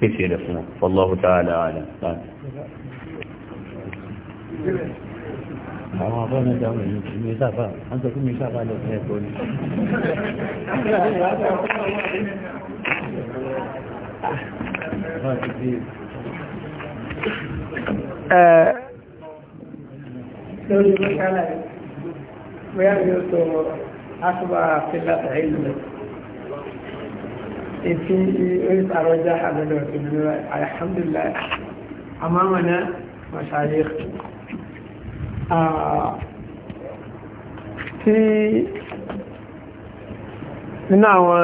فتي الاخوة فالله تعالى اعلم عندكم مسافة لكم ويعني أنتم أصبح في الله علمك ètí ìrìsàrọ́já àdọ́dọ̀ ìrìnlẹ̀ alhamdulillah amámaná mashayikh ah, tí nínú àwọn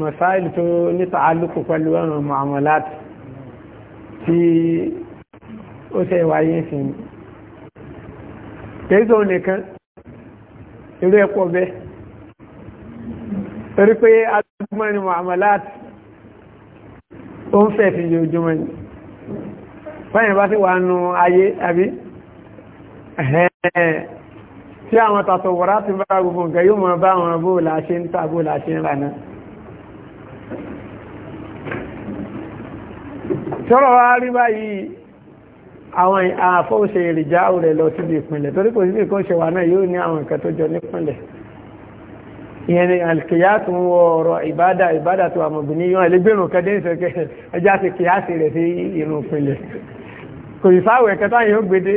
masáìlì tó níta alùkù pẹ̀lú ọ̀rọ̀ mu'amalat tí ó ṣe ìwáyé ìsìn kèézò nìkan irú ẹ̀pọ̀ bẹ́ ojoojúmọ́ ní muamalat ó ń fẹ́ sí ojoojúmọ́ ní báyìí bá sí wà nù ayé àbí tí àwọn tàtọ̀ wọ́rá ti bá gbogbo nǹkan yóò mọ̀ bá àwọn bó láṣe ń tà bó láṣe ń rànà tọ́rọ̀ wá rí báyìí àwọn àfọ́ òṣèrè ìjáwó rẹ̀ lọ síbi ìpínlẹ̀ torí kò ṣe wà náà yóò ní àwọn nǹkan tó jọ nípínlẹ̀ ìyẹn ni alìkìyà tó ń wọ ọ̀rọ̀ ìbádà ìbádà tó àmọ̀bì ní yọ́n ẹlẹ́gbẹ̀rún kẹ́dẹ́ ìfẹ́kẹ́ ẹjá ti kìyàsí rẹ̀ sí irun pinlẹ̀ kò sì sáwọ̀ ẹ̀kẹ́ táyẹ̀ ó gbede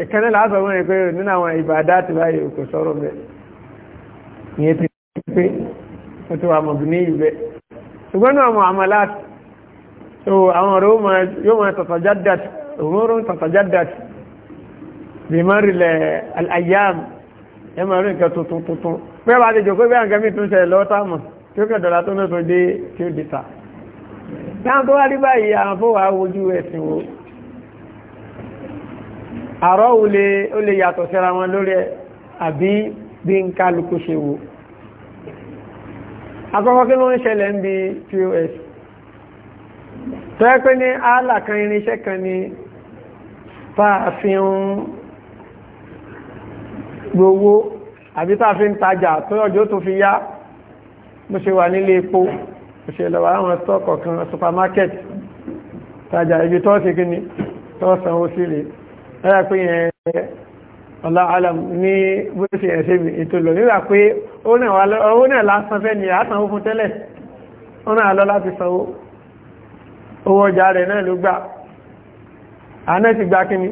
ẹ̀kẹ́ náà láàbọ̀ wọn ẹ̀kẹ́ nínú àwọn ìbádà tó bá yẹ kò sọ̀rọ̀ bẹ́ẹ̀ ìyẹn ti pé ó tó àmọ̀bì ní ibẹ̀ ṣùgbọ́n náà àwọn pé bá ti jòkó bí àǹkẹ́ mi tún ṣe lọ́tàmù tí ó kẹ̀dọ̀lá tó náà tó dé tí ó dìta táwọn tó wá rí báyìí àwọn fó wà wojú ẹ̀sìn wo àrọ́ ó lè yàtọ̀ síra wọn lórí àbí bí ń kálukú ṣe wo akọ́kọ́ kí ló ń ṣẹlẹ̀ ń bi pos tó yẹ pé ní ààlà kan irinṣẹ́ kan ni tá a fi àbí tá a fi ń tajà tó ọjọ́ tó fi yá mo ṣe wà nílé epo mo ṣe lọ àwọn stọọkọ kan supermarket tajà ibi tó ṣe kí ni tó sanwó sí rè lára pé yẹn ọlá alam ní bó ṣe yẹn ṣe ètò lọ nígbà pé owó náà lásán fẹ́ ni àtàwọn fún tẹ́lẹ̀ wọn náà lọ láti sanwó owó ọjà rẹ̀ náà ló gbà àánẹ́ ti gbà kí ni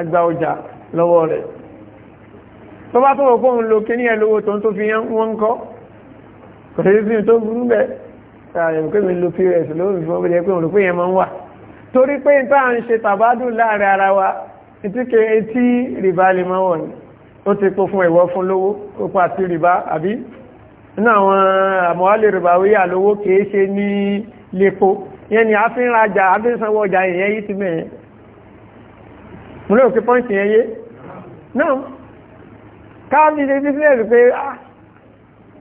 àgbà ọjà lọ́wọ́ rẹ̀ tó bá tó wọ́n kó ń lo kí ní ẹlówó tó ń tó fi yán wọ́n ń kọ́ kò sí sí tó burú bẹ́ ààrẹ̀mù pé mi lo pos lóòrùn fún ọmọdé pé òrùn pé yẹn máa ń wà torí pé n tá ń ṣe tàbádùn láàrin ara wa etí etí rìbá lè máa wọ̀ ni ó ti po fún ẹ̀wọ́ fún lówó ó pa sí rìbá àbí nínú àwọn àmọ́wálé rìbá wíyà lówó kìí ṣe ní lépo yẹn ni a fi ọjà yẹn yìí ti mẹ́yẹn mo lóòkè pọ́ǹtì yẹn yé náà káàbí ṣe bísínẹ̀sì pé ah,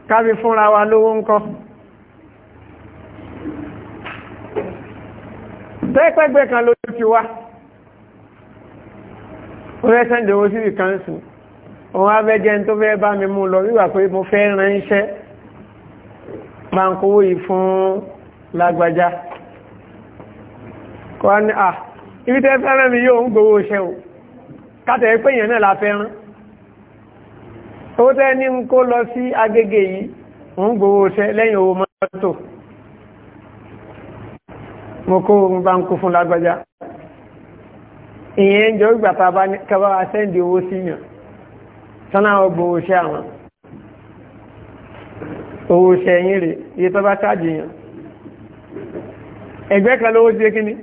káàbí fúnra wa lówó ń kọ́ tẹ́pẹ́gbẹ́ kan ló ti wá ọ̀rẹ́ sẹ́ndẹ̀ owó sí ìkánsù òun abẹ́jẹ́ tó fẹ́ bá mi mú lọ wíwà pé mo fẹ́ ránṣẹ́ pàǹkówó yìí fún lágbàjá kọ́ ní à ah, ibi tẹ́ fẹ́ràn mi yóò ń gbowó ṣẹ́ o kátẹ̀ pé èèyàn náà la fẹ́ rán owó tẹ́ ní ń kó lọ sí Agége yìí ń gbowó tẹ́ lẹ́yìn owó mọ́tò mo kó ohun bá ń kó fún lágbájá ìyẹn jọ ìgbà tàbá kẹwàá asẹ́ndì owó sí sọ́nà ọgbọ̀n owó tẹ́ àwọn owó tẹ́ yín rè iye tó bá ṣáàjì yàn ẹgbẹ́ kan lówó ti kí ni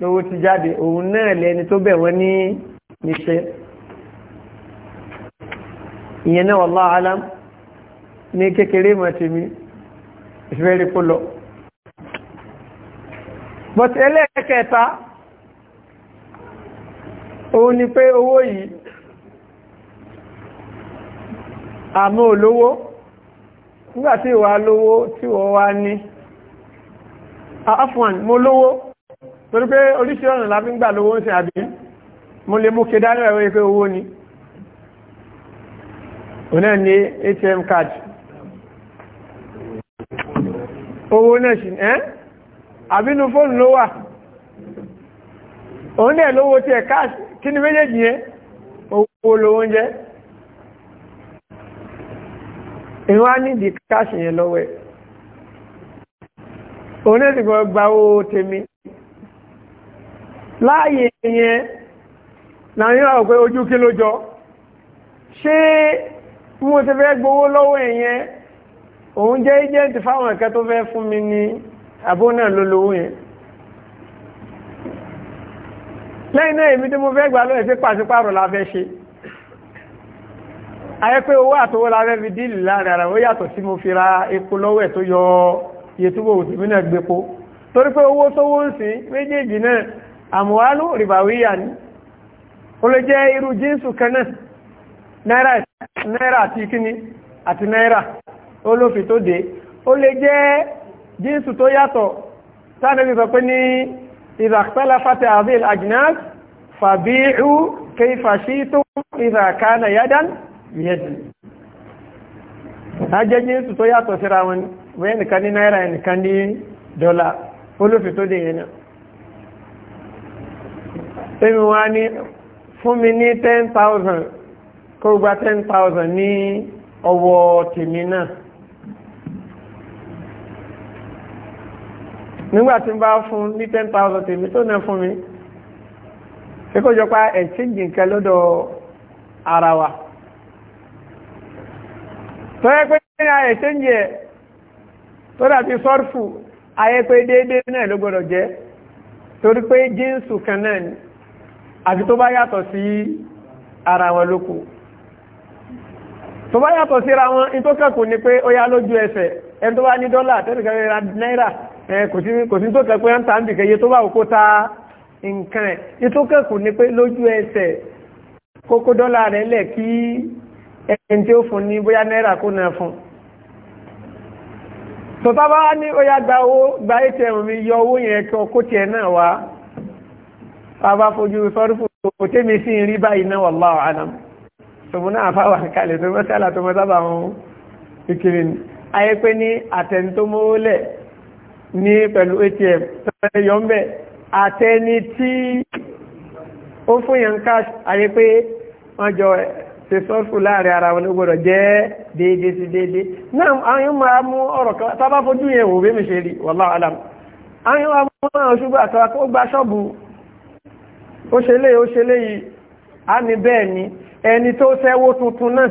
lówó ti jáde òun náà lẹni tó bẹ̀ wọ́n ní níṣẹ́ ìyẹn náà wallahu alam ní kékeré mọ̀ ìfẹ́rí kó lọ but ẹlẹ́ẹ̀kẹta òun ni pé owó yìí àmọ́ olówó nígbàtí ìwà lówó tí wọ́n wá ní afwan mo lówó torí pé oríṣìí ọ̀nà lábí ń gbà lówó ń sin àbí mo lè mú kédánilẹ̀ wọ́n yẹ pé owó ni òun náà ní atm card owó náà sì ẹ́ àbínú fóònù ló wà òun náà lówó tí ẹ̀ cash kí ni méjèèjì yẹn owó lówó ń jẹ́ ìwọ́n á nídi cash yẹn lọ́wọ́ ẹ̀ òun náà sì owó tèmi láàyè yẹn bí mo ti fẹ́ gbowó lọ́wọ́ èèyàn òun jẹ́ agent fáwọn ẹ̀kẹ́ tó fẹ́ fún mi ní àbó náà ló lówó yẹn lẹ́yìn náà èmi tí mo fẹ́ gbà lọ́yẹ̀ sí pàṣípàrọ̀ la fẹ́ ṣe ayé pé owó àtowó la fẹ́ fi díìlì láàrin ó yàtọ̀ sí mo fi ra epo lọ́wọ́ ẹ̀ tó yọ iye túbọ̀ òtún mi náà gbépo torí pé owó sówó ń sìn méjèèjì náà àmúhálù rìbàwíyà ni ó lè jẹ́ irú náírà àti kíní àti náírà olófin tó dé ó lè jẹ́ jíǹsù tó yàtọ̀ sáàdẹ́bí sọ pé ní ìzàkpẹ́lá fàtẹ́ àbíl agnes fàbíhù kéfàṣí tó ìzàkánà yádán yẹ́dì ajẹ́ jíǹsù tó yàtọ̀ síra wọn wẹ́n nìkan ní náírà nìkan ní dọ́là olófin tó dé yẹn náà èmi wá ní fún mi ní ten thousand kó gba ten thousand ní ọwọ́ tèmi náà nígbà tí bá fún ní ten thousand tèmi tó náà fún mi ṣé kó jọ pa ẹ̀ṣíǹjì nǹkan lọ́dọ̀ ara wa tó yẹ pé ní ẹ̀ṣíǹjì ẹ̀ tó dàbí sọ́ọ̀fù ayé pé déédéé náà ló gbọ́dọ̀ jẹ́ torí pé jíǹsù kan náà àti tó bá yàtọ̀ sí ara wọn lókun tó bá yàtọ̀ síra wọn ní tó kẹ́kù ni pé ó yá lójú ẹsẹ̀ ẹni tó bá ní dọ́là tẹ́lifíkẹ́ ra náírà kò sí tó kẹ́kù yẹn ń ta ń kẹ́yẹ tó bá òkú ta nǹkan ẹ̀ ní tó kẹ́kù ni pé lójú ẹsẹ̀ kókó dọ́là rẹ̀ lẹ̀ kí ẹni tí ó fún ní bóyá náírà kó náà fún tọ́tà bá ní ó yá gba owó gba atm mi yọ owó yẹn kí ọkó tiẹ̀ náà wá bá bá fojú sọ́rí fún òtẹ́mi sí rí báyìí náà wallahu alam tòun náà fáwà kalẹ̀ tó mọ́sálà tó mọ́sábà wọn ìkiri ni ayé pé ní àtẹnitómọ́lẹ̀ ní pẹ̀lú atm tọ́lẹ̀ yọ ń bẹ̀ àtẹni tí ó fún yẹn cash ayé pé wọ́n jọ ṣe sọ́ọ̀fù láàrin ara wọn ló gbọ́dọ̀ jẹ́ déédé sí déédé náà àwọn yóò máa mú ọ̀rọ̀ kan ẹni tó ṣẹ́wó tuntun náà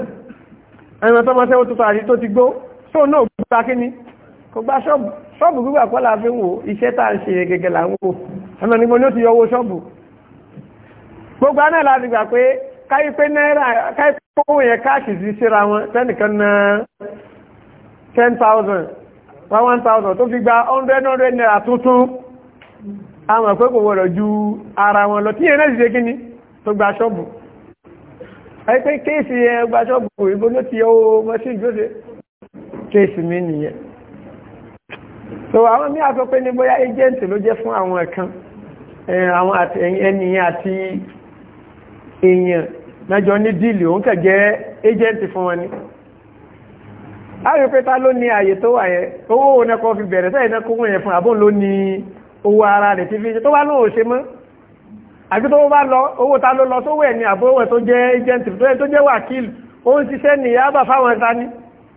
ẹni tó máa ṣẹ́wó tuntun àti tó ti gbó tó náà gbá kíní kò gbá ṣọ́ọ̀bù ṣọ́ọ̀bù gbígbà kọ́ la fi ń wò iṣẹ́ tá à ń ṣe gẹ́gẹ́ là ń wò ẹ̀mọ̀ nígbà ten thousand wá one thousand tó fi hundred hundred naira tuntun àwọn àpẹ́kọ̀ọ́ wọ̀rọ̀ ju ara wọn lọ tí yẹn náà sì ṣe tó gba ṣọ́ọ̀bù àìpé kéèsì ẹgbà ṣọ́bù ìbò ló ti owó machine jóde kéèsì mi nìyẹn so àwọn mí àfẹ́ pé ní bóyá agent ló jẹ́ fún àwọn ẹ̀kan àwọn ènìyàn àti èèyàn mẹ́jọ ní díìlì òun kẹ̀ jẹ́ agent fún wọn ni a rí pé ta ló ní ààyè tó wà yẹn owó òun fi bẹ̀rẹ̀ sẹ́yìn náà kó wọ́n yẹn fún àbóun ló ní owó ara rẹ̀ tó wá lóun ṣe mọ́ àti tó bá lọ owó ta ló lọ sówó ẹ̀ ní àbó owó tó jẹ́ agent tó jẹ́ wákìlì ó ń ṣiṣẹ́ ní yábà fáwọn ẹ̀ta ni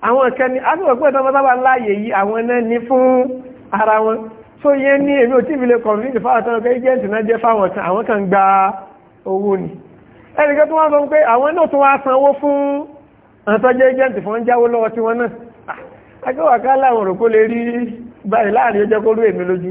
àwọn ìkẹni aṣọ́pẹ́ tó bá láàyè yìí àwọn náà ní fún ara wọn tó yẹ ní èmi ò tí ìbílẹ̀ convince fáwọn tó lọ́gbẹ́ agent náà jẹ́ fáwọn ọ̀tàn àwọn kan gba owó ni ẹnìkan tó wá sọ pé àwọn náà tó wá sanwó fún àtọ́jẹ́ agent fún jáwó lọ́wọ́ tí wọ́n náà akẹ́wàká ah, láwọn òròkó lè rí báyìí láàrin ó jẹ́ kó rú èmi lójú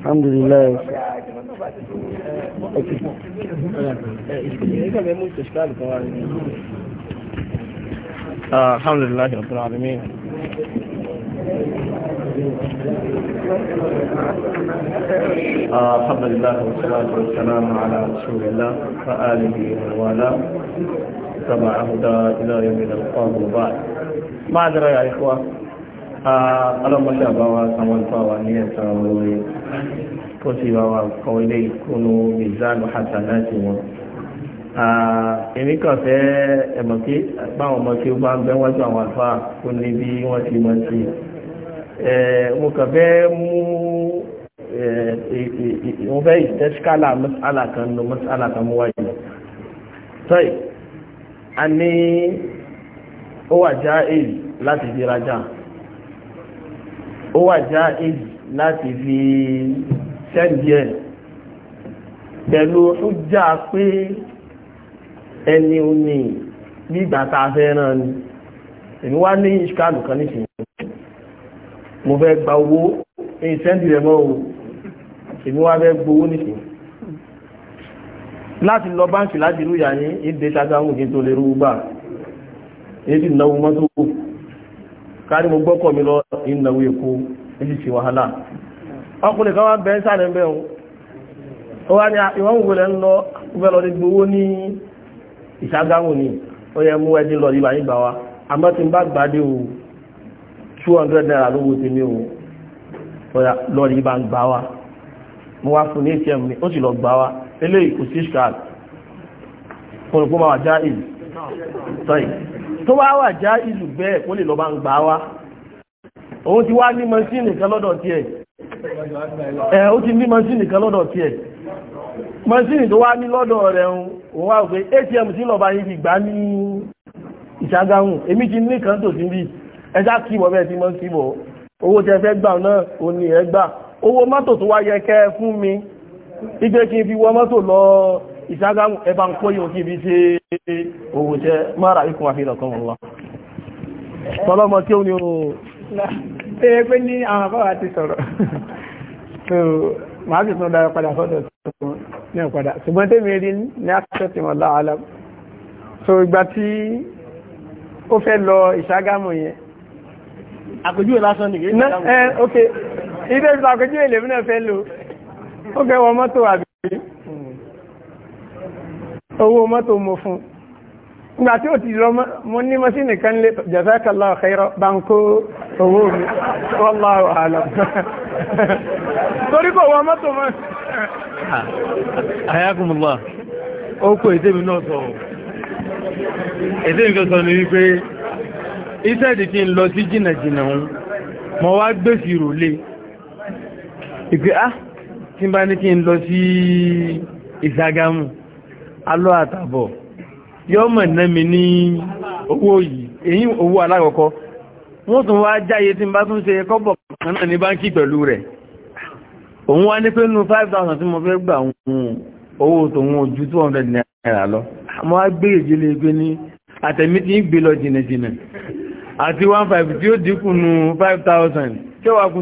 الحمد لله آه، الحمد لله رب العالمين آه، الحمد لله والصلاة والسلام على رسول الله وآله وآله تبع هدى إلى يوم القوم وبعد ما أدري يا إخوة آه، ألم شابا وسمون فاوانية ويقول kó sì wá wà kọ́ ilé ìkónú mizanu hasanati wọn. èmi kàn fẹ́ ẹ̀mọ̀ kí báwọn ọmọ kí ó bá ń bẹ́ wọ́n tó àwọn àlùfáà kó ní bí wọ́n ti mọ̀ sí i. mo kàn fẹ́ mú mo fẹ́ ìtẹ́síkálà mọ́sálà kan lọ mọ́sálà kan mú wáyé sọ́yì a ní ó wà já èyí láti fi rajà ó wà já èyí láti fi sẹ́ndì ẹ̀ pẹ̀lú ọjà pé ẹni omi nígbà tá a fẹ́ ràn ni èmi wá ní ìṣkàlù kan nísìnyí mo fẹ́ gba owó èyí sẹ́ndì rẹ̀ mọ́ o èmi wá fẹ́ gbowó nísìnyí láti lọ báńkì láti rúyà ní ìdè ṣàgámù kí n tó lè rú gbà èyí sì náwó mọ́tò kárí mo gbọ́kọ̀ mi lọ ìnáwó èkó èyí ṣe wàhálà ọkùnrin kan wá bẹ̀ ń sàrẹ̀ bẹ̀ ó wá ní ìwọ̀n òwò rẹ̀ ń lọ gbẹ̀lọ ní gbowó ní ìṣàgáwò ni ó yẹ mú ẹdín lọ ní bàyí gbà wá àmọ́ tí ń bá gbàdé o 200 naira lówó ti ní o ọ̀yà lọ ní bá ń mo wá fún ní atm ni ó sì lọ gbà eléyìí kò sí ṣkàl fún ìpó máa ìlú tó bá wà já ìlú bẹ́ẹ̀ kó lè lọ bá ń gbà òun ti wá ní mọ́síìnì kan lọ́dọ̀ tiẹ̀ ẹ̀ ó ti ní mọ́síìnì kan lọ́dọ̀ tiẹ̀ mọ́síìnì tó wá ní lọ́dọ̀ rẹ̀ òun wá pé atm sí lọ́ba yìí ti gbá ní ìṣàgáhùn èmi ti ní kan tò sí bí ẹjá kí ìwọ̀ bẹ́ẹ̀ tí mọ́ sí bọ̀ owó tẹ fẹ́ gbà náà ò ní ẹ gbà owó mọ́tò tó wá yẹ kẹ́ fún mi igbe kí bí ṣe owó mara ikùn àfihàn kan wọn lọ tọlọmọ tí ó ní oòrùn pé ní àwọn àbáwà ti sọ̀rọ̀ so máa fi tún dára padà sọ́dọ̀ tún ní ọ̀padà ṣùgbọ́n tí mi rí ní àṣẹ́tì wọn láàlá so ìgbà tí ó fẹ́ lọ ìṣàgámù yẹn àpèjúwe lásán nìgbé ilé ìsìn àpèjúwe lèmi náà fẹ́ lò ó fẹ́ wọ mọ́tò àbí hmm. owó ìgbà tí ó ti lọ mọ́ ní mọ́sínì kan lè jazakallahu khairan báńkó owó mi wallahu a'lam torí kò wọ mọ́tò mọ́ ah, ayakumullah ó kó ìdébì náà sọ ìdébì sọ ní wípé iṣẹ́ ìdí kí n lọ sí jìnàjìnà òun mọ́ wá gbèsì rò lé ìpé á ah, tí bá ní kí n lọ sí ìsàgámù alọ́ àtàbọ̀ yọ́ mọ̀ ná mi ní owó yìí èyí owó alákọ̀ọ́kọ́ wọ́n tún wá jáyé tí bá tún ṣe kọ́bọ̀ kan náà ní báńkì pẹ̀lú rẹ̀ òun wá ní pé nínú 5,000 tí mo fẹ́ gbà owó tòun ojú 200 naira lọ mo wá gbé ìjìlé pé ní àtẹ̀mí tí ń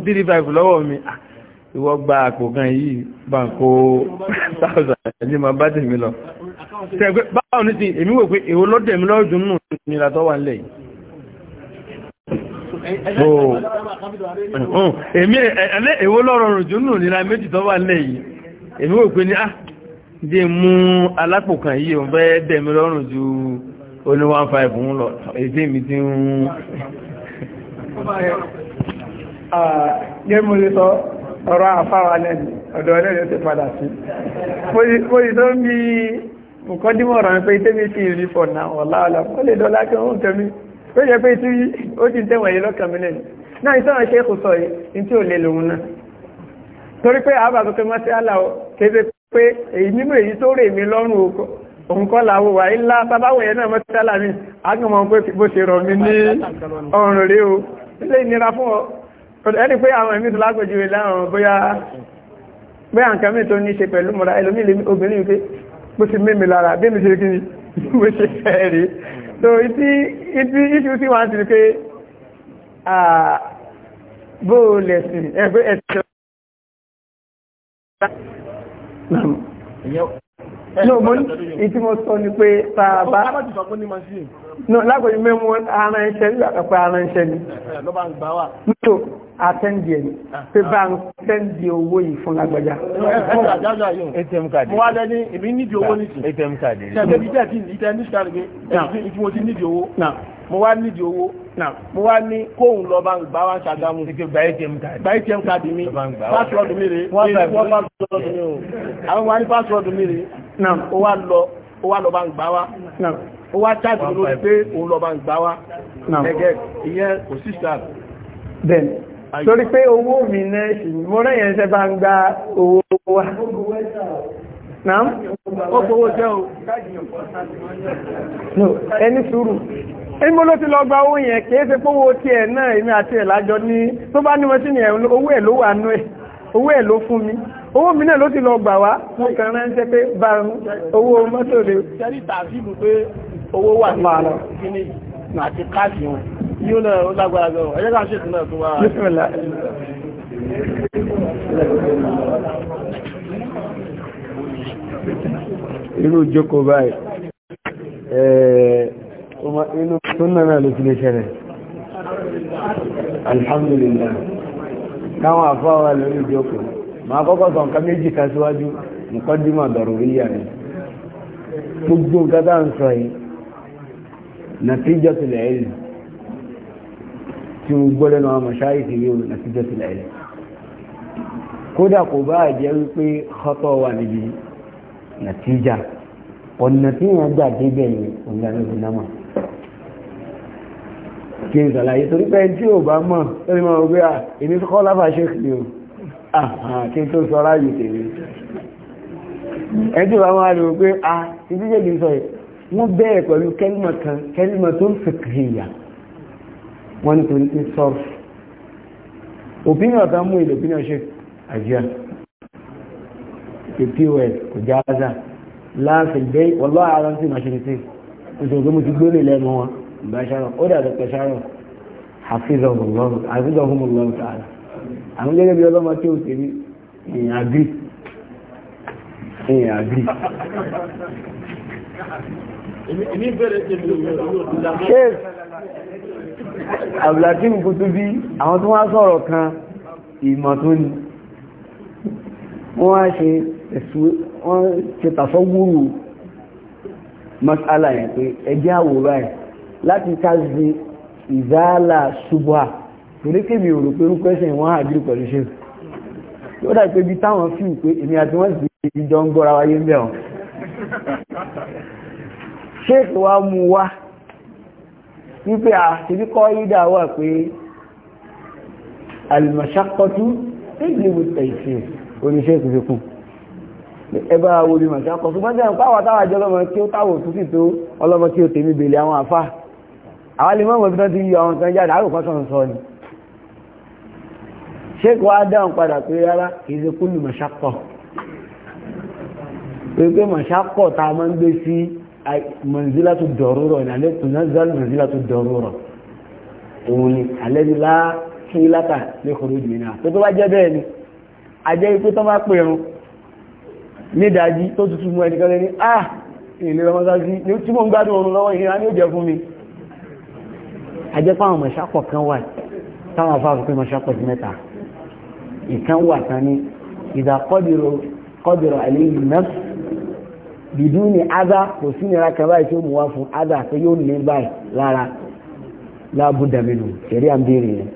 gbé mi ìwọ gba àpò kan yìí bá 1,000 ní ma bá tèmi lọ tẹ̀gbẹ́ báwọn ní ti èmi wò pé èwo lọ́dẹ̀ mi lọ́dún nù nira tó wà ń lẹ̀ yìí oh. mm. èmi ẹ̀lẹ́ èwo lọ́rọ̀rùn jù nù nira méjì tó wà ń lẹ̀ yìí èmi wò pé ní á ah, dé mú alápò kan yìí òun fẹ́ dẹ̀ mi lọ́rùn ju oní 15 ń lọ èdè mi ti ń gẹ́mù lè sọ ọ̀rọ̀ àfáwà lẹ́nu ọ̀dọ̀ ọlẹ́rẹ̀ ti padà sí. Mo yìí tó ń bí nǹkan dímọ̀ ràn pé tẹ́mi sí ìrí fọ̀ náà ọ̀la ọ̀la ó lè dọ́lá kí wọ́n tẹ̀mí ó yẹ pé tí ó ti tẹ̀wọ̀n yìí lọ́kàn mi lẹ́nu náà ìtọ́nà ṣe kò sọ yìí tí ò lè lòun náà torí pé àbá tó pé mọ́sí àlà ó kéde pé èyí nínú èyí tó rè mí lọ́rùn òun kọ́ làwọ̀ wà ńlá sábáwọ̀ yẹn náà mọ́sí àlà mi àgbọ̀mọ̀ pé bó ṣe rọ̀ mí ní ọ̀rùn rèé o ilé ìnira fún ọ ẹni pé àwọn ẹ̀mí tó lágbèjì rẹ̀ láwọn bóyá bóyá nǹkan mi tó ní ṣe pẹ̀lú mọ́ra ẹlòmí obìnrin bó ti mímì lára bí mi ṣe kí ni bó ṣe fẹ́ rí so ìtí ìtí ìṣù sí wá sí ni pé bó o lẹ̀ sí ẹgbẹ́ No òmò Iti mo sọ ni pé tààbá no lágbàáyé mẹ́mú ara ẹ̀ṣẹ́ ní àpapọ̀ ara ẹ̀ṣẹ́ ni No, àtẹ́ndì ẹ̀ pé bá ń tẹ́ndì ah, ah. owó yìí fún lágbàjá ATM card mo wá lẹ́ni èmi nídi owó nìsí ATM card ṣẹ̀bẹ̀bí jẹ́ ti ìtẹ́ ní ṣàrìgbé ìfún mo ti nídi owó mo wá nídi owó mo wá ní kóhùn lọ bá ń gbá wá ṣàgámù gba ATM card mi pásọ̀dù mi rèé wọ́n bá pásọ̀dù mi rèé àwọn wá ní pásọ̀dù mi rèé náà ó wá lọ ó wá lọ bá ń gbá wá ó wá chájì lórí pé òun lọ bá ń gbá wá ẹgẹ́ ìyẹn kò sí sáà then torí pé owó mi náà sì mo rẹ̀ yẹn ṣe bá ń gba owó wa náà ó gbowó jẹ́ o ẹni sùúrù ìmú ló ti lọ gba owó yẹn kìí ṣe pówó tí ẹ̀ náà èmi àti ẹ̀ lájọ ní tó bá ní wọ́n sí ni owó ẹ̀ ló wà nú ẹ̀ owó ẹ̀ ló fún mi owó mi náà ló ti lọ gbà wá wọ́n kàn ránṣẹ́ pé bá ń owó mọ́tò lè ṣẹ́rí tàbíbù pé owó wà ní kíní àti káàkì wọn yíò náà ó lágbára gan ẹ̀yẹ́ ká ṣètò náà tó wá irú jókòó báyìí inú súnnà náà ló ti lè ṣẹlẹ̀ alhamdulillah káwọn àfáwà lórí jókòó máa kọ́kọ́ sọ nǹkan méjì kan síwájú nǹkan dímọ̀ dọ̀rọ̀ríyà ni gbogbo nǹkan tá à ń sọ yìí natijatul ilm tí mo gbọ́ lẹ́nu àwọn mọ̀ṣáì ti yóò natijatul ilm kódà kò bá jẹ́ wípé kọ́tọ̀ wà níbi nàtíjà ọ̀nà tí wọ́n gbà débẹ̀ ni ọ̀nà ló dùn náà kí n sàlàyé torí pé tí ò bá mọ̀ lórí mọ̀ wípé à èmi kọ́ láfàṣẹ́ kìí o Ah, kí tó sọ ráyè tèmi ẹjọ́ àwọn àrùn pé a ah, ti jíjẹ́ bí sọ wọ́n bẹ̀rẹ̀ pẹ̀lú kẹ́lìmọ̀ kan kẹ́lìmọ̀ tó ń fẹ̀kìyà wọ́n ní torí pé sọ́ọ̀fù òpínìyàn kan mú ilẹ̀ òpínìyàn ṣe àjíyà pos kò jáza láàfin bẹ́ wọ́lọ́ àwọn tí máa ṣe ní sí ìṣòro mo ti gbórí lẹ́nu wọn àwọn gẹ́gẹ́ bí ọlọ́mọ tí ó ti rí èèyàn agri èèyàn agri sheikh abdulhakeem kutubi àwọn tó wá sọ̀rọ̀ kan ìmọ̀ tó ní wọ́n wá ṣe ẹ̀sù wọ́n ṣe tàfọ́ wúrù masala yẹn pé ẹjẹ́ àwòrán ẹ̀ láti ká sí ìzáàlà ṣubúà torí kébì òrò pé rúkọ ẹsẹ̀ wọ́n àgbírí pẹ̀lú ṣe ó dà pé bí táwọn fi pé èmi àti wọ́n sì fi jọ ń gọ́ra wáyé ń bẹ̀ wọn ṣéèkì wa mú wá wípé a ti bí kọ́ ìdá wà pé alìmọ̀ṣàkọ́tú nígbìlìmù tẹ̀sí oníṣẹ́ ìkùnfikún ẹbá orí mọ̀ṣàkọ́tú bá jẹ́ pàwà táwà jẹ́ ọlọ́mọ kí ó táwò tútù tó ọlọ́mọ kí ó tèmi bèèlè àwọn àfáà àwọn alìmọ̀ mọ̀ ṣé kò á dáhùn padà pé rárá kì í ṣe kúlù mọ̀ṣákọ̀ pé mọ̀ṣákọ̀ tá a máa ń gbé sí mọ̀nzílá tó dọ̀rọ̀ rọ̀ ní alẹ́ tún náà mọ̀nzílá tó dọ̀rọ̀ òun ni alẹ́ ni lá kí látà lè ni ajẹ́ ah ilé ọmọdájí ní tí mo ń gbádùn oorun lọ́wọ́ mi ajẹ́ pàwọn mọ̀ṣákọ̀ kan wà táwọn afáàfin mọ̀ṣákọ̀ sí mẹ́ta ìkan wà kan ní ìdá kọ́dìrọ̀ àìlèyìn náà bìdú ni ádá kò sí nira kan báyìí tí ó mú wá fún ádá pé yóò lè báyìí lára láàbùdà mi nù kẹrí à ń béèrè yẹn.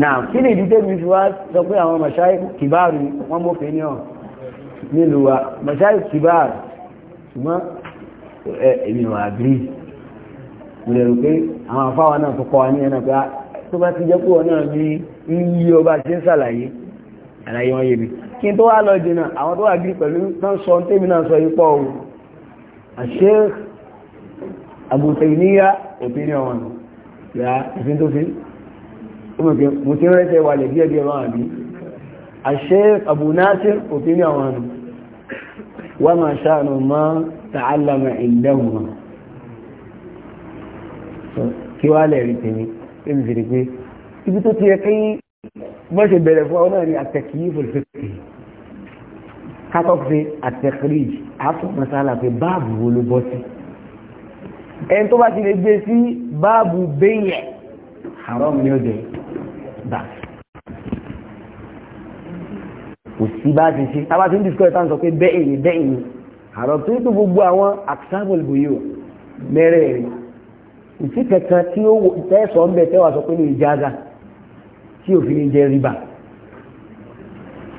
náà kí ni ìdíje mi fi wá sọ pé àwọn mọ̀ṣáì kìbáàrù wọn mú pé ní nílùú wa mọ̀ṣáì kìbáàrù ṣùgbọ́n èmi ò àgírí mo lè rò pé àwọn afáwa náà tó kọ́ wa ní ẹ̀ pé tó bá ti jẹ́ pé wọn náà ní iye ọba ṣe ń ṣàlàyé àlàyé wọn yé mi kí n tó wá lọ jìnnà àwọn tó wà gírí pẹ̀lú tán sọ tèmi náà sọ yìí pọ̀ o àṣẹ àbùtẹ̀ ìníyà opinion wọn yà ìfín tó fi mo ti rẹ́sẹ̀ wà lè díẹ̀ díẹ̀ kí wá lẹ́rìí tèmi ẹ̀mí fèrè pé ibi tó ti yẹ kí wọ́n ṣe bẹ̀rẹ̀ fún ọ náà ni àtẹ̀kìyí fòlùfẹ́kì kátọ́fẹ́ àtẹ̀kìrí àfọ̀mọ́sálà pé báàbù wo ló bọ́ sí ẹni tó bá ti lè gbé sí báàbù bẹ́yẹ̀ haram ni ó jẹ bá kò sí bá ti ṣe tábà tí ń discover tán sọ pé bẹ́ẹ̀ ni bẹ́ẹ̀ ni haram tó ní tó gbogbo àwọn àkísábọ̀lù bòyí mẹ́rẹ̀ẹ̀rin ìsí kankan tí ó tẹ́sọ̀ ń bẹ̀ tẹ́wà sọ pé ní ìjáza tí ò fi ní jẹ rìbá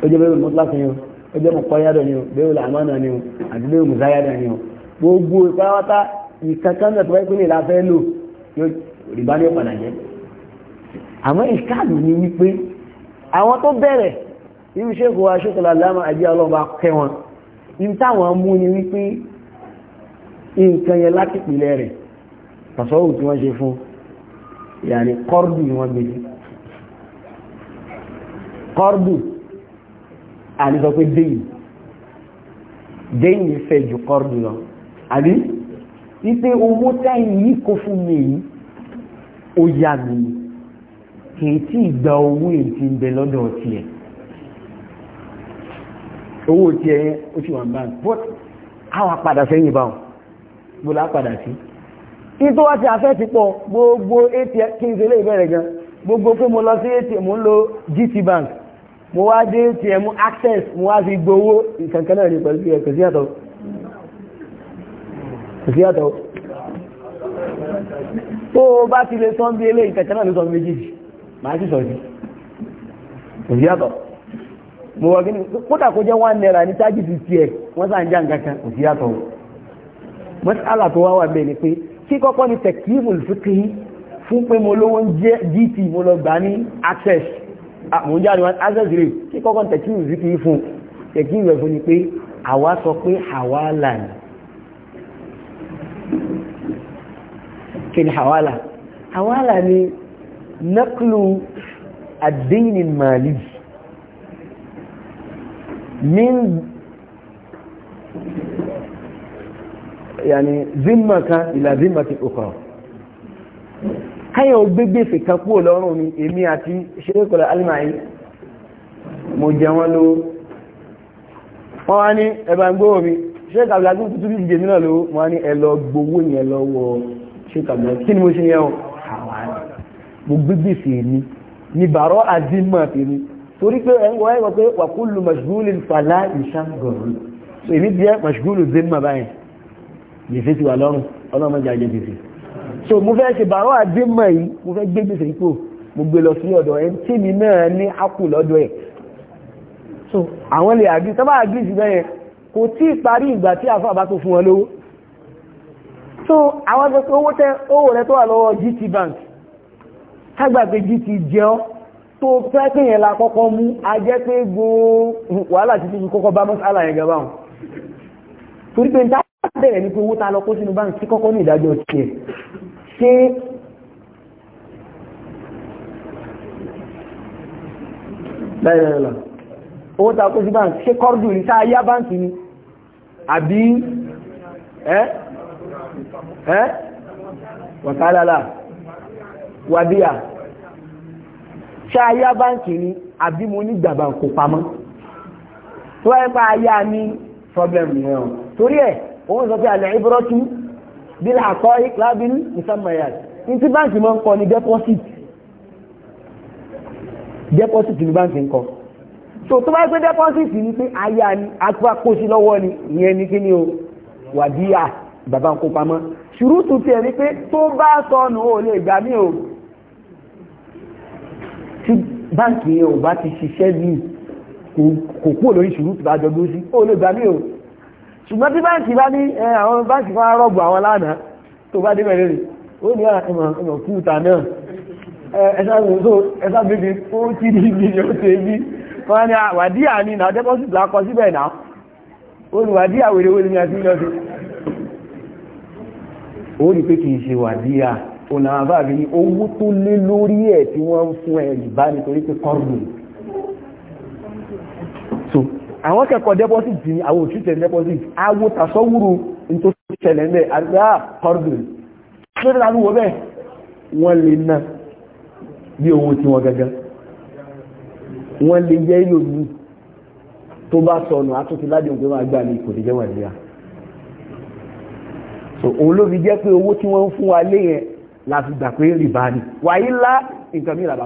ó jẹ́ bẹ́ẹ̀ mọ́tíláṣí ni ó ó jẹ́ mọ̀kọ́ yádọ̀ ni ó bẹ́ẹ̀ làmánà ni ó àti bẹ́ẹ̀ mùsá yádọ̀ ni ó gbogbo ìpáwátá ìkankan náà tó wáyé pé ní ìlàfẹ́ lò rìbá ní ọ̀padà jẹ́ àmọ́ ìkáàlù ni wípé àwọn tó bẹ̀rẹ̀ irú ṣéèkù wa ṣéèkù làlámà àjí ọlọ́ba kẹwọn ní ni wípé nǹkan yẹn láti tasawuf tí wọ́n ṣe fún yàní kọ́rdù ni wọ́n gbé sí kọ́rdù àdìsọ pé déyìn déyìn fẹ́ ju kọ́rdù lọ àbí wípé owó táyì yìí kó fún mi yìí ó yá mi kìí tí ìgbà owó èdè ń bẹ lọ́dọ̀ tiẹ̀ owó tiẹ̀ ó ti wà ń bá ń bọ́t àwọn apàdà sẹ́yìn báwọn bó lápàdà sí in tó wá ti àfẹ́ ti pọ̀ gbogbo atm kí n ṣe lè bẹ̀rẹ̀ gan gbogbo pé mo lọ sí atm ń lo gt bank mo wá dé atm access mo wá fi gbowó ìkankan náà ní pẹ̀lú ẹ̀ kò sí àtọ̀ kò sí àtọ̀ tó o bá ti lè sọ́n bí eléyìí kankan náà ló sọ méjèèjì màá sì sọ sí kò sí àtọ̀ mo wà gíní kódà kó jẹ́ one naira ní tájì tiẹ̀ wọ́n sàn já nǹkan kan kò sí àtọ̀ mọ́sálà tó wá wà bẹ́ẹ̀ ni pé kí kọ́kọ́ ni tẹ̀kíìmù fíkì fún pé mo lówó ń jẹ́ gt mo lọ gbà ní access mo ń jáde wọn access rate kí kọ́kọ́ ni tẹ̀kíìmù fíkì fún tẹ̀kíìmù rẹ̀ fún ni pé àwa sọ pé hawala ni kí ni hawala hawala ni naqlu ad-din al yàní zimma kan ìlà zimma ti òkọ̀ káyọ̀ gbégbèsè kan kúrò lọ́rùn mi èmi àti ṣerékọ̀lá alìmáyí mo jẹ wọ́n lówó wọ́n wá ní ẹ̀bà ń gbówó mi ṣerékà àbìlágún tuntun bí ìjẹ́ mìíràn lówó wọ́n ní ẹ lọ gbowó yẹn lọ́wọ́ ṣerékà àbìlágún kí ni mo ṣe yẹ wọn mo gbégbèsè mi ní gbèsè ti wà lọ́rùn ọlọ́mọdé ajé gbèsè so mo fẹ́ ṣe bàrọ́ àdémọ̀ yìí mo fẹ́ gbé gbèsè ipò mo gbé lọ sí ọ̀dọ̀ ẹ̀ tí mi náà ní ákù lọ́dọ̀ ẹ̀ so àwọn lè àgbí tọ́ bá àgbí sí bẹ́yẹn kò tí ì parí ìgbà tí àfọ́ àbá tó fún wọn lówó so àwọn sọ pé owó tẹ owó rẹ tó wà lọ́wọ́ GT Bank kágbà pé GT jẹ́ ọ́ tó fẹ́ pé yẹn la kọ́kọ́ mú a jẹ́ pé gbogbo wàhálà títí kọ́kọ́ bá mọ́sálà yẹn gaba hàn torí pé ń tá bẹ́ẹ̀ ni pé owó ta lọ kó sínú báńkì kọ́kọ́ ní ìdájọ́ tiẹ̀ ṣé láìláìlá owó ta kó sí báńkì ṣé kọ́rùdù ní sáà yá báńkì ni àbí ẹ́ ẹ́ wàkálálà wàbíyà sáà yá báńkì ni àbí mo ní gbàgbà kò pamọ́ tó ẹ́ pa ayá ní problem yẹn o torí ẹ̀ òun sọ pé àlẹ́ ìbúrọ́tú bí làkọ́ ìklábìlì ìsàmàyà ní tí báǹkì máa ń kọ ní deposit deposit ní báǹkì ń kọ so tó bá gbé deposit ní pé aya ni apá kó sí lọ́wọ́ ni ìyẹn ni kí ni o wàdíyà bàbá ń kó pamọ́ ṣùrùtù tiẹ̀ ni pé tó bá sọnù ò lè gbà mí o tí báǹkì yẹn ò bá ti ṣiṣẹ́ ní kò kúrò lórí ṣùrùtù bá jọ dúró sí ó lè gbà mí o ṣùgbọ́n bí báńkì bá ní àwọn báńkì fún arọ́gbù àwọn lánàá tó bá débẹ̀ lórí ó ní ah, ẹmọ̀ kúta náà ẹ̀sá bèbè ó tí ní ibi ni ó ṣe bí wọ́n ní àwàdíà ah, ní náà deposit lákọ síbẹ̀ náà ó ní wàdíà wèrèwèrè ní àti ìlọ́dún ó rí pé kìí ṣe wàdíà ọ̀nà àbáàrí owó àwọn kẹ́kọ̀ọ́ deposit ní àwọn òṣìṣẹ́ deposit awo tàṣọ́wúrú tó ṣẹlẹ̀ ń bẹ̀ àgbà kọ́rdùn ah, tó dá lúwọ́ bẹ́ẹ̀ wọ́n lè ná bí owó tí wọ́n gẹ́gẹ́ wọ́n lè jẹ́ ìlò ní tó bá sọnù àtúntí ládìí òpin máa gbà ní kò lè jẹ́ wọ́n lè yá so òun ló fi jẹ́ pé owó wa lé yẹn láti gbà pé rìbá ni wàyí lá nǹkan mìíràn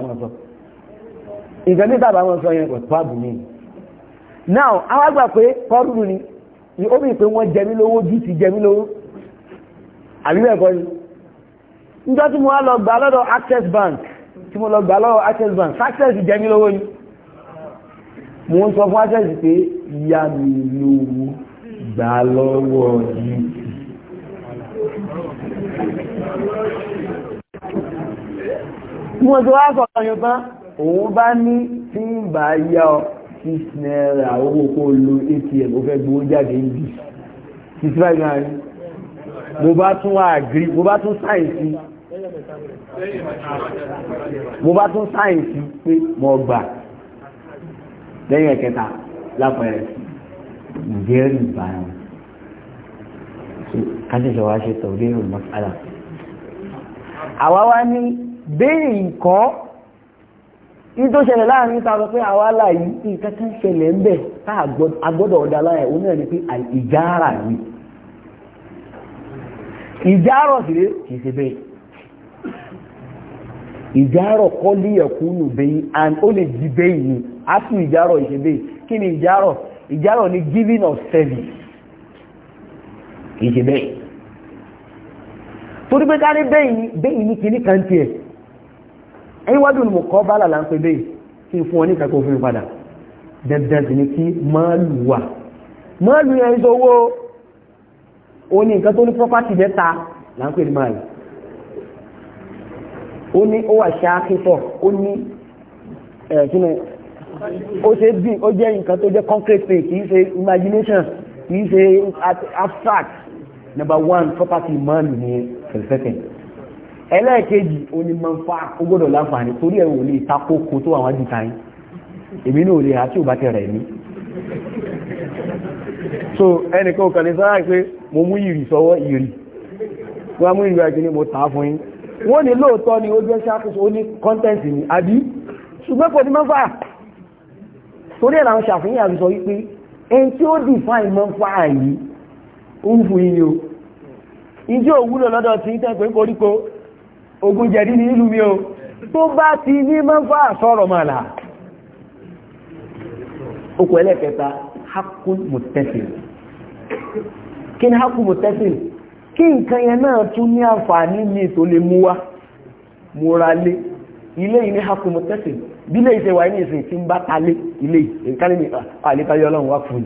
bá wọn sọ yẹn pẹ̀lú àbùmí now àwọn àgbà pé kọ́rùrù ni ni ó bìí pé wọ́n jẹ mí lówó jù ti jẹ mí lówó àbíbẹ̀ẹ̀kọ́ ni níjọ́ tí mo wá lọ gbà lọ́dọ̀ access bank tí mo lọ gbà lọ́dọ̀ access bank access jẹ mí lówó ni mo ń sọ fún access pé ìyá mi lówó gbà lọ́wọ́ yìí mo ti wá sọ̀rọ̀ yìí òun bá ní tí ń bá yá ọ six naira owó kó lo atm ó fẹ́ gbowó jáde ń bì sixty five naira mo bá tún wá àgírí mo bá tún sáyẹ̀nsì mo bá tún sáyẹ̀nsì pé mo gbà lẹ́yìn ẹ̀kẹta lápẹ̀rẹ̀ ǹjẹ́ rí ìbára kájẹ́jọ wá ṣe tọ̀rí ìrùn mọ́sálà àwa wá ní bẹ́ẹ̀ nǹkan ní tó ṣẹlẹ̀ láàrin ta sọ pé àwa láàyè nǹkan kan ṣẹlẹ̀ ń bẹ̀ tá àgbọ́dọ̀ ọ̀dà láyà òun náà ni pé ìjára ni ìjárọ̀ sí lé kìí ṣe bẹ́ẹ̀ ìjárọ̀ kọ́ lé ẹ̀kú nù bẹ́yìn and ó lè jí bẹ́yìn ni a tún ìjárọ̀ ìṣe bẹ́ẹ̀ kí ni ìjárọ̀ ìjárọ̀ ni giving of service kìí ṣe bẹ́ẹ̀ torí pé ká ní bẹ́yìn bẹ́yìn ní kinní kan tiẹ̀ ẹ̀yíwádùn mọ̀ kọ́ bá làlá ń pè bẹ́ẹ̀ kí fún ọ ní kàkó fún padà dandan sí ni kí máàlù wà máàlù yẹn iṣẹ́ owó ó ní nǹkan tó ní property mẹ́ta là ń pè ní máàlù ó ní ó wà ṣáàkìtọ̀ o ní ẹ̀ẹ́dínú ó ṣe bí ó jẹ́ nǹkan tó jẹ́ concrete pay kì ṣe imagination kì í ṣe abstract number one property máàlù ní kẹ̀lẹ́fẹ́kẹ̀ẹ́ ẹlẹ́ẹ̀kejì onímọ̀fà ó gbọ́dọ̀ láǹfààní torí ẹ̀rùn ò lè takókò tó àwọn jìta yìí èmi náà lè àti ò bá tẹ̀rẹ̀ ní so ẹnìkan kàn ní sára pé mo mú ìrì sọwọ́ ìrì wọ́n mú ìrì àti ní mo tà fún yín wọ́n ní lóòótọ́ ni ó jẹ́ ṣàkóso ó ní kọ́ńtẹ́ǹtì ni àbí ṣùgbọ́n kò ní mọ́fà torí ẹ̀rọ àwọn ṣàfihàn àti sọ wípé ẹni tí ó define mọ́fà yìí ń fún yín ni o ìjọ òwúlò lọ́dọ̀ tí ń tẹ́ pé koríko ogun jẹ̀dí ní ìlú mi o tó bá ti ní mọ́fà sọ́rọ̀ máa là okùn ẹlẹ́kẹta hakun muttasil kí ni hakun muttasil kí nǹkan yẹn náà tún ní àǹfààní ní tó lè mú wá múralé ilé yìí ní hakun muttasil bí lè ṣe wà ní ìsìn tí ń bá talé ilé ìkálẹ̀ mi ọlọ́run wá fún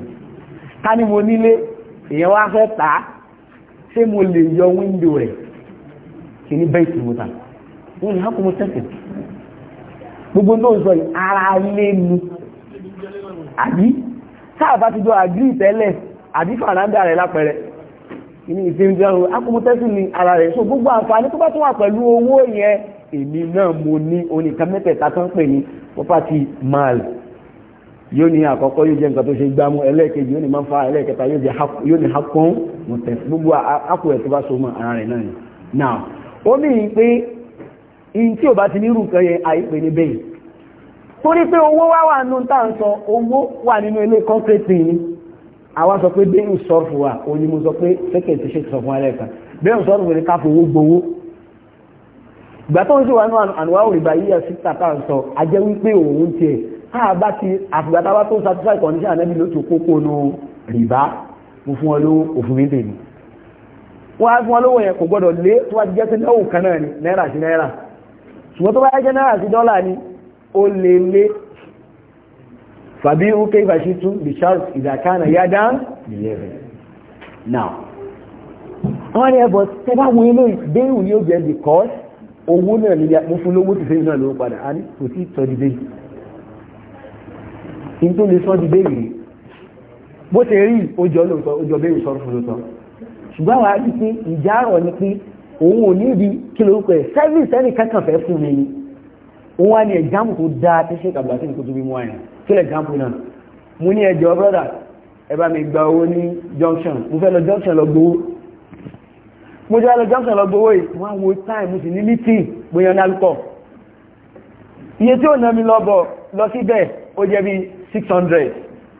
yìí wá fẹ́ tà á mo lè yọ wíńdò rẹ̀ kí ní bẹ́ẹ̀tì mọ́ta wọ́n ni hákùnmọ́ tẹ́sì gbogbo tó ń ara lé nu àbí sáà ti jọ àgírí ìtẹ́lẹ̀ àbí fàràndà rẹ̀ lápẹẹrẹ inú ìsinmi hákùnmọ́ tẹ́sì ni ara rẹ̀ so gbogbo àǹfààní tó bá tún wà pẹ̀lú owó yẹn èmi náà mo ní oníkan mẹ́tẹ̀ẹ̀ta pè ní property mal yóò ní àkọ́kọ́ yóò jẹ́ nǹkan tó ṣe gbámú ẹlẹ́ẹ̀kejì yóò ní máa ń fa ẹlẹ́ẹ̀kẹta yóò ní hakún gbogbo akọ̀ tó bá so mọ́ ara rẹ̀ náà ni now ó mìí pé in tí ò bá ti nírù nǹkan yẹn àìpè ní bẹ́ẹ̀ torí pé owó wá wà nínú tá ń sọ owó wà nínú ilé concrete ni àwa sọ pé bẹ́ẹ̀ ń sọ fún wa òní mo sọ pé fẹ́kẹ̀ tí ṣe sọ fún alẹ́ kan bẹ́ẹ̀ ń sọ fún ká fowó gbowó ìgbà tó ń condition ànẹ́bí ló tó kókó nu rìbá mo wọ́n á fún wọn lówó yẹn kò gbọ́dọ̀ lé tó wá ti jẹ́ sí lọ́wọ́ kan náà ni náírà sí náírà ṣùgbọ́n tó bá jẹ́ náírà sí dọ́là ni ó lè lé fàbí rúkẹ́ ìfàṣí tún bishars ìdàkánà yádá ìlẹ́rẹ̀ now wọ́n ni ẹbọ̀ tẹ́ bá wọ́n ilé ìgbéhùn ní ó jẹ́ because owó náà ni mú fún lówó ti fẹ́ náà ló padà a ní kò sí sọ dìbé in tó lè sọ dìbé yìí bó ṣe rí ó jọ lóòtọ́ ó jọ bẹ́ẹ̀ sọ fún lóòtọ́ ṣùgbọ́n wàá rí pé ìjárọ̀ ni pé òun ò ní ibi kí ló ń pẹ̀ sẹ́fíìsì ẹnì kankan fẹ́ fún mi ni òun wá ní ẹ̀jáàmù tó dáa tí ṣe kàbùlà sí ní kó tó bí mú àyàn kí lè jáàmù náà mo ní ẹjọ́ brọ́dà ẹ bá mi gba owó ní junction mo fẹ́ lọ junction lọ gbowó mo jẹ́ lọ junction lọ gbowó yìí wọ́n á wo time mo sì ní meeting mo yan nálùkọ́ iye tí ò ná mi lọ bọ̀ lọ síbẹ̀ ó jẹ́ bí six hundred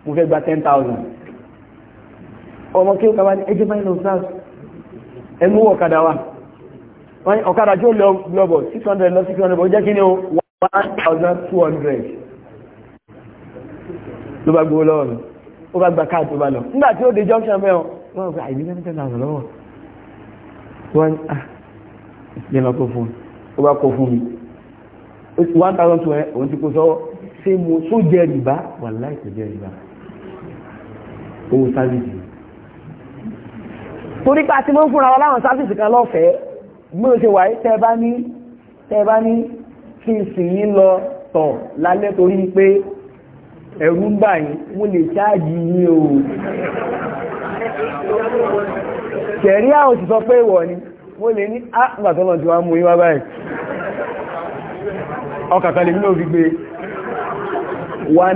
mo fẹ́ gba ten thousand ọmọ kí ó kàwà ní ẹjẹ́ máa ń lọ sars ẹmú ọ̀kadà wa ọ̀kadà tí ó lọ lọ́bọ̀ 600 lọ 600 bọ̀ jẹ́ kí ní o 1200 ló bá gbó lọ́wọ́ ó bá gba káàtì bá lọ nígbà tí ó dé junction mẹ́ọ̀ wọ́n gba àìní mẹ́rin tẹ́lá lọ́wọ́ wọ́n ah ìpínlẹ̀ lọ torí pé àti mọ́ ń fúnra wa láwọn sáfíìsì kan lọ́fẹ̀ẹ́ bí ṣe wáyé ní tẹ́ ní kí n sì yín lọ tọ̀ lálẹ́ torí pé ẹ̀rù ń bà yín mo lè ṣáàjì yín o ṣẹ̀rí àwọn òṣìṣọ pé ìwọ̀ ni mo lè ní àgbàtọ́lọ̀ tí wọ́n mú yín wá báyìí ọkàkan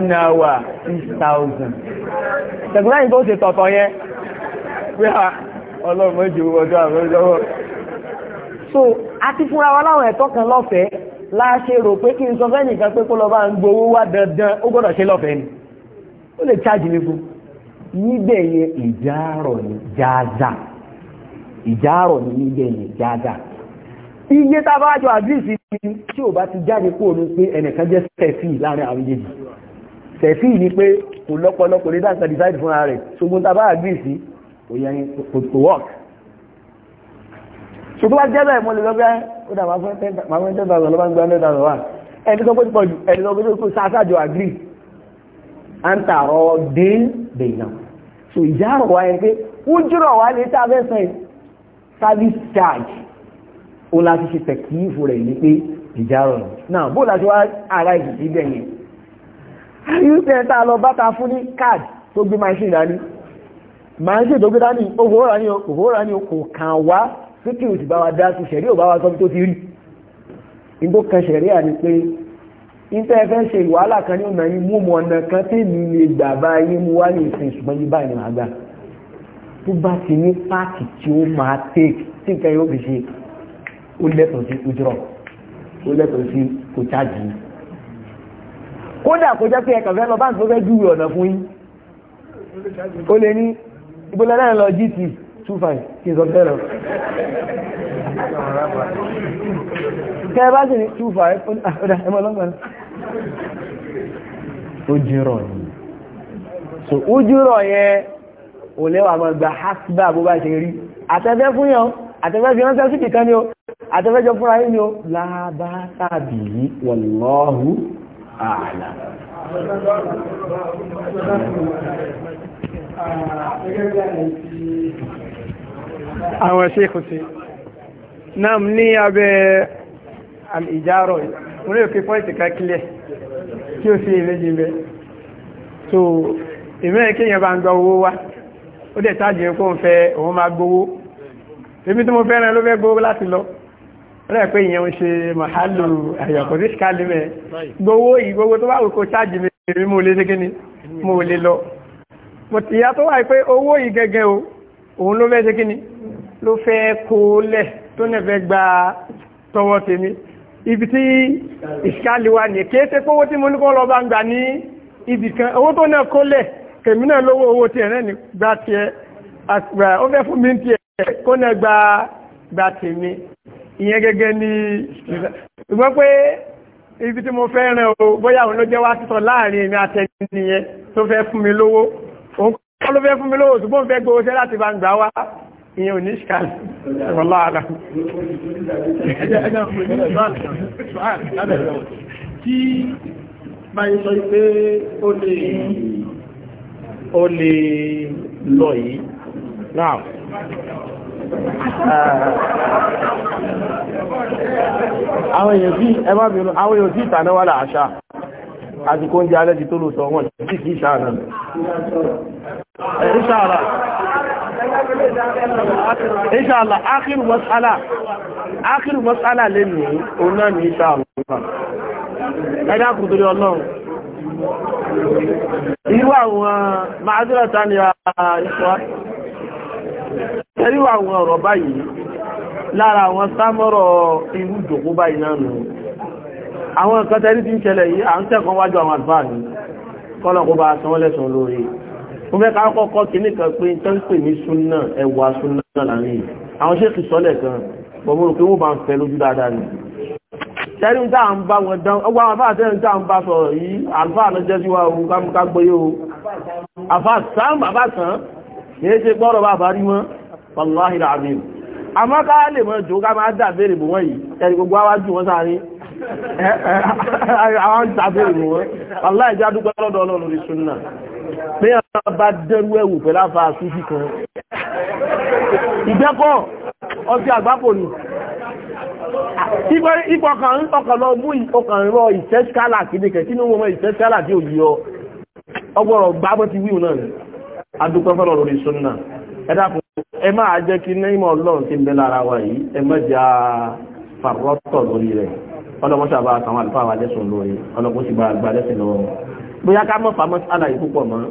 hour six thousand ṣẹ̀gbọ́n tó ṣe tọ̀tọ̀ yẹn pé ọlọ́run mọ́jú ọjọ́ àwọn ìjọwọ́ so a ti fúnra wa láwọn ẹ̀tọ́ kan lọ́fẹ̀ẹ́ láṣẹ rò pé kí n sọ fẹ́ẹ̀ nìkan pé kó lọ bá ń gbowó wá dandan ó gbọ́dọ̀ ṣe lọ́fẹ̀ẹ́ ni ó lè chájì ní fún níbẹ̀ yẹn ìjárọ̀ ni jáza ìjárọ̀ ni níbẹ̀ yẹn jáza iye tá a bá jọ àdírísì ni tí ò bá ti jáde kúrò ní pé ẹnìkan jẹ́ sẹ́fì láàrin àwọn méjèèjì sẹ́fì ni pé kò lọ́pọ̀lọpọ̀ lè dáṣà decide fúnra rẹ̀ ṣùgbọ́n tá a bá àdírísì kò yẹ kò work ṣùgbọ́n wá jẹ́ bẹ́ẹ̀ mo lè lọ́gbẹ́ ó dà máa fẹ́ ten thousand ló bá ń gba hundred thousand wá ẹni tó pọ̀ jù ẹni tó pọ̀ jù àgírí à ń tààrọ̀ dín dènà so ìjà rọ̀ wá yẹn pé ó jùrọ̀ wá lè tá a fẹ́ sẹ́yìn service charge ó láti ṣe tẹ̀kíìfù rẹ̀ ní pé ìjà rọ̀ náà bó láti wá ara ìdìbẹ̀ yẹn ayúṣẹ́ tá lọ bá ta fún ní káàdì tó gbé máa ṣe ìdání ma ń ṣètò gbéra ní owó rà ní owó rà ní kò kàn wá síkì ò sì wa dá sí ṣẹ̀rí ò bá wa sọ bí tó ti rí igbó kan ṣẹ̀rí à ní pé níta ẹ fẹ́ ṣe wàhálà kan ní ọ̀nà yín mú mọ ọ̀nà kan tí mi lè gbà bá yín ti ní páàkì tí ó máa tèkì tí nǹkan yóò fi ṣe ó lẹ́tọ̀ọ́ sí ojúrọ̀ ó lẹ́tọ̀ọ́ sí kò chájì kódà kó jẹ́ pé ẹ̀kàn lọ bá ń tó fẹ́ júwe ọ̀nà fún yín ó lè ní ìgbélé náà lọ gt two five kí n sọ bẹ́ẹ̀ lọ. kẹ́ ẹ bá sì ní two five ọ̀dà ah, ẹ mọ̀ lọ́gbà náà. ó jírọ̀ ni so ó jírọ̀ yẹn ò lẹ́wà máa gba hasbá bó bá ṣe rí àtẹ́fẹ́ fún yàn àtẹ́fẹ́ fi ránṣẹ́ sí kìkan ni ó àtẹ́fẹ́ jọ fúnra yín ni ó lábá tàbí wallahu a'lam àwọn ṣéèkù sí náà ní abẹ́ ìjárọ̀ mo lè fi pọ́ìntì kan kílẹ̀ kí o sí ìrẹ́jì rẹ̀ so ìmẹ́rin kíyàn bá ń gba owó wá ó dẹ̀ tájì kó ń fẹ́ òun máa gbowó èmi tí mo fẹ́ràn ló fẹ́ gbowó láti lọ rẹ̀ pé ìyẹn ń ṣe màhálù àyàkó sí ṣkáàlì mẹ́ gbowó ìgbowó tó bá wù kó tájì mi mo lè ṣe kíni mo lè but ìyá tó wà pé owó yìí gẹ́gẹ́ o òun ló fẹ́ ṣe kí ni ló fẹ́ kó lẹ̀ tó ní fẹ́ gba tọwọ́ tèmi ibi tí ìṣkáàlì wà ní kí é ṣe pówó tí mo ní kọ́ lọ bá ń gbà ní ibì kan owó tó náà kó lẹ̀ kèmí náà lówó owó tiẹ̀ náà ní gbà tiẹ̀ ó fẹ́ fún mi ní tiẹ̀ kó náà gba gba tèmi ìyẹn gẹ́gẹ́ ní ṣùgbọ́n pé ibi tí mo fẹ́ ràn o bóyá òun ló jẹ́ wá sísọ láàrin èmi àtẹnìyẹn tó fẹ́ fún mi lówó òun kọ́ ló fẹ́ fún mi lówó ṣùgbọ́n fẹ́ gbowó ṣẹ́ láti bá ń gbà wá ìyẹn oníṣkàlì wọ́láàlá tí báyìí sọ pé ó lè ó lè lọ yìí náà àwọn èèyàn sí ẹmọ́bìnrin àwọn èèyàn sí ìtànáwà láàṣà àti kó ń jẹ alẹ́ ti tó lò sọ wọ́n tí kì í ṣàrà ìṣàrà ìṣàrà ákìrù mọ́sálà ákìrù mọ́sálà lè ní òun náà ní ìṣàrà ẹ̀dá kù torí ọlọ́run irú àwọn máàdúrátà ni àìṣọ́ ẹríwà àwọn ọ̀rọ̀ báyìí lára àwọn sámọ́rọ̀ irú jòkó báyìí náà àwọn nǹkan tẹ́rí tí ń ṣẹlẹ̀ yìí à ń tẹ́kan wájú àwọn àdúbàrí kọ́lọ̀kọ́ bá sanwó lẹ́sàn lórí fún mẹ́ ká kọ́kọ́ kì ní kan pé tán pè ní súnà ẹwà súnà láàrin àwọn ṣe kì sọ́lẹ̀ kan bọ̀mọ́rù pé wọ́n bá ń fẹ́ lójú dáadáa ni tẹ́rí ń dáa ń bá wọn àmọ́ ká lè mọ́ jù ká máa dà bèèrè bù wọ́n yìí ẹ̀rì gbogbo àwájú wọn sáà ní Eh, eh, eh, àwọn ìtàbẹ̀rẹ̀ wọn aláìjá dúpẹ́ lọ́dọ̀ ọlọ́run ní súnà pé àwọn bá dẹ́rú ẹ̀wù pẹ̀lú àfà àṣújì kan ìgbẹ́kọ̀ ọtí àgbápò ni ipò ọkàn lọ mú ọkàn rọ ìfẹ́ skálà kìdíkẹ̀ kí ní wọ́n ìfẹ́ skálà tí ò yọ ọgbọ̀rọ̀ gbábọ́ ti wíwù náà adúpẹ́ fọ́lọ̀ ní súnà ẹ dákun ẹ máa jẹ́ kí ní ìmọ̀ ọlọ́run ti ń bẹ lára wa yìí ẹ mọ́jà fàrọ́tọ̀ lórí rẹ̀ ọlọ́mọṣà bá àtàwọn àlùfáà wa lẹ́sùn lórí ọlọ́mọṣà bá àgbà lẹ́sìn lọ́wọ́ bóyá ká mọ́ fàmọ́ àlàyé púpọ̀ mọ́